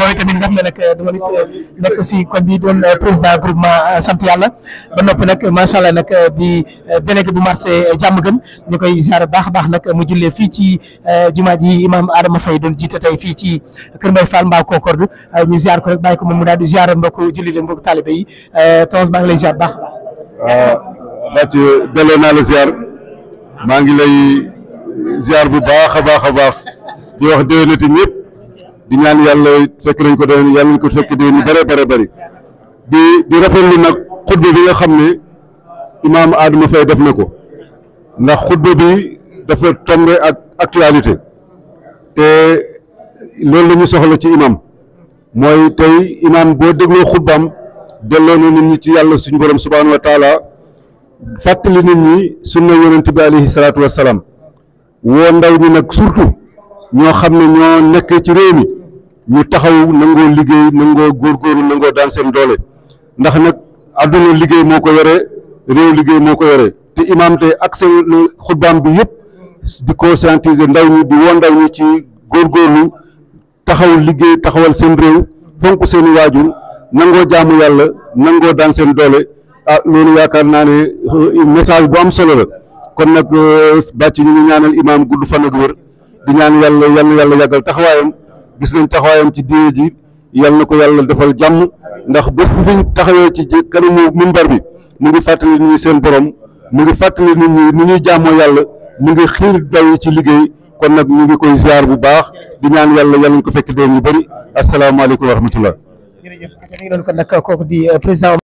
moom itamit nga xam ne euh, euh, si kon bi doon euh, président groupement sant yàlla ba noppi nag macha allah nag di délégué bu marché jàmm gën ñu koy ziar baax a baax nag mu jullee fii ci jumaa ji imam Adama Faye doon jiite tey fii ci Kër Mbay Fall mbaa Kokordu ñu ziar ko rek bàyyi ko moom mu daal di ziar mbokku julli la mbokku taalibe yi tons maa ngi lay ziar baax xaaj delloo naa la ziar maa ngi lay ziar bu baax a baax a di wax déwénati ñëpp di ñaan yàlla fekk nañ ko doon yàlla nañ ko fekk di ñu bëree bëri bëri di di rafetlu nag xutba bi nga xam ne imaam Adama Faye def na ko ndax xutba bi dafa tombé ak actualité te loolu la ñu soxla ci imaam mooy tey imaam boo dégloo xutbaam delloo na nit ñi ci yàlla suñu borom subhaanahu wa taala fàttali nit ñi na yonent bi alayhi salaatu wa salaam woo ndaw ñi nag surtout ñoo xam ne ñoo nekk ci réew mi. ñu taxaw nangoo liggéey nangoo góorgóorlu nangoo daan seen doole ndax nag àdduna liggéey moo ko yore réew liggéey moo ko yore te imaam te ak seen xutbaam bi yëpp di conscientiser ndaw ñi di woo ndaw ñi ci góor góor góorgóorlu taxaw liggéey taxawal seen réew fonk seen waajur nangoo jaamu yàlla nangoo daan seen doole ah loolu yaakaar naa ne euh, message bu am solo la kon nag euh, bàcc ñu ngi ñaanal imaam gudd fan ak wër di ñaan yàlla yàlla yàlla yàggal taxawaayam gis nañ taxawayam ci diine ji yàlla na ko yàlla defal jàmm ndax bés bu fiñ taxawee ci kanamu mimbar bi mu ngi fàttali nit ñi seen borom mu ngi fàttali nit ñi ni ñuy jaamoo yàlla mu ngi xiir daw ci liggéey kon nag mu ngi koy ziar bu baax di ñaan yàlla yàlla nañ ko fekk doon ñu bëri asalaamaaleykum wa rahmatullah jërëjëf ñu di président